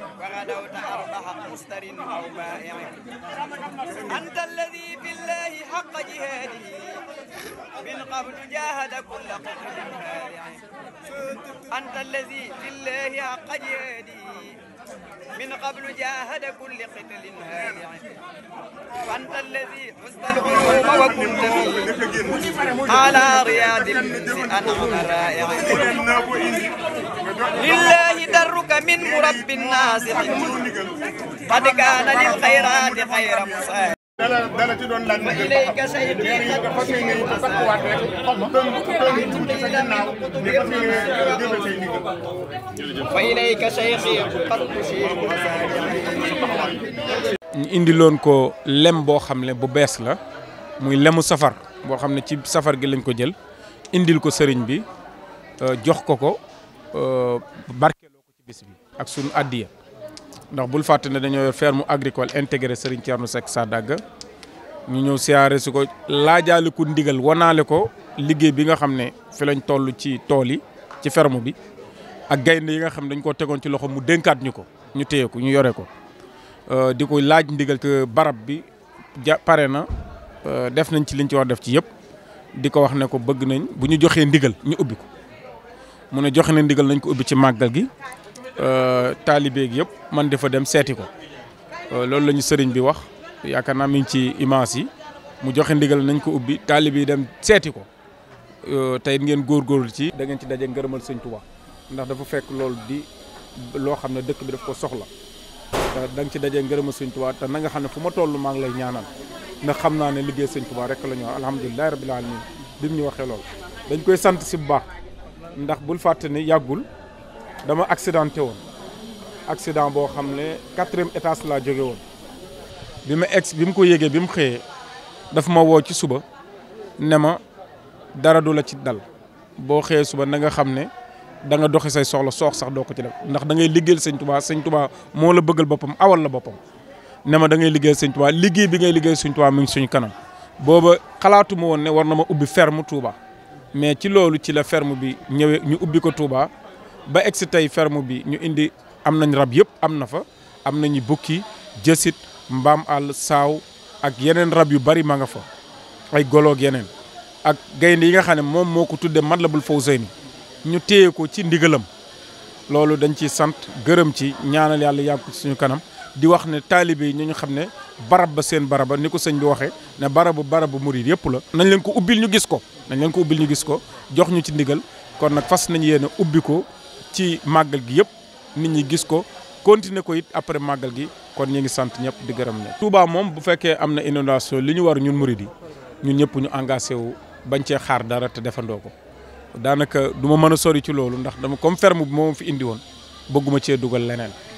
وغدوت أربح مستر أو بائع أنت الذي بالله حق جهاده من قبل جاهد كل قتل بائع أنت الذي بالله حق جهاده من قبل جاهد كل قتل هادع وأنت الذي حزت وكنت على رياض المنس أنعم رائع نسألك من مرب الناس khaira di khaira خير dala dala ci doon rek sa ni ko fa indi loon ko lem boo xam la lemu safar boo xam ne ci safar gi lañ ko jël indil ko euh, euh, bis bi ak sunu addiya ndax bul fàtte ne dañoo yor ferme agricole intégré Serigne Thierno Seck Sadaga ñu ñëw siyaare si ko laajaale ko ndigal wanaale ko liggéey bi nga xam ne fi lañ toll ci tool yi ci ferme bi ak gaynde yi nga xam ne dañ koo tegoon ci loxo mu dénkaat ñu ko ñu téye ko ñu yore ko euh, di ko laaj ndigal que barab bi ja pare na euh, def nañ ci liñ ci war def ci yëpp di ko wax ne ko bëgg nañ bu ñu joxee ndigal ñu ubbi ko mu ne joxe na ndigal nañ ko ubbi ci màggal gi Euh, taalibe gi yëpp man dafa dem seeti ko euh, loolu la ñu sëriñ bi wax yaakaar naa mi ci image yi mu joxe ndigal nañ ko ubbi taalibe yi dem seeti ko euh, tey ngeen góor góorgóorlu ci. dangeen ci daje ngërëmal sëñ Tuubaa ndax dafa fekk loolu di loo xam ne dëkk bi daf ko soxla da nga ci daje ngërëmal sëñ Tuubaa te na nga xam ne fu ma tollu maa ngi lay ñaanal ndax xam naa ne liggéey sëñ Tuubaa rek la ñu wax alhamdulilah rabbil alamin bi mu ñu waxee lool dañ koy sant si bu ndax bul fàtte ne yàggul. dama accidenté woon accident boo xam ne quatrième étage laa jóge woon bi ma ex bi mu ko yégee bi mu xëyee dafa ma woo ci suba ne ma dara du la ci dal boo xëyee suba na nga xam ne da nga doxi say soxla soox sax doo ko ci def ndax da ngay liggéeyal sëñ Tuubaa sëñ Tuubaa moo la bëggal boppam awal la boppam ne ma da ngay liggéeyal sëñ Tuubaa liggéey bi ngay liggéeyal sëñ Tuubaa mi ngi suñu kanam booba xalaatuma woon ne war na ma ubbi ferme Touba mais ci loolu ci la ferme bi ñëwee ñu ubbi ko tuubaa ba egsi tey ferme bi ñu indi am nañ rab yëpp am na fa am nañu bukki jësit mbaam àll saaw ak yeneen rab yu bari ma nga fa ay goloog yeneen ak gaynde yi nga xam ne moom moo ko tuddee tudde Matlabul ni ñu téye ko ci ndigalam loolu dañ ciy sant gërëm ci ñaanal yàlla yàgg suñu kanam di wax ne taalibe yi ñu xam ne barab ba seen baraba ni ko sëñ bi waxee ne barabu barabu murid yëpp la nañ leen ko ubbil ñu gis ko nañ leen ko ubbil ñu gis ko jox ñu ci ndigal kon nag fas nañ yéene ubbi ci màggal gi yëpp nit ñi gis ko continuer ko it après màggal gi kon ñu ngi sant ñëpp di gërëm ne Touba moom bu fekkee am na inondation li ñu war ñun murid yi ñun ñëpp ñu engagé wu bañ cee xaar dara te defandoo ko daanaka du ma mën a sori ci loolu ndax dama comme ferme bi moom fi indi woon bëgguma cee dugal leneen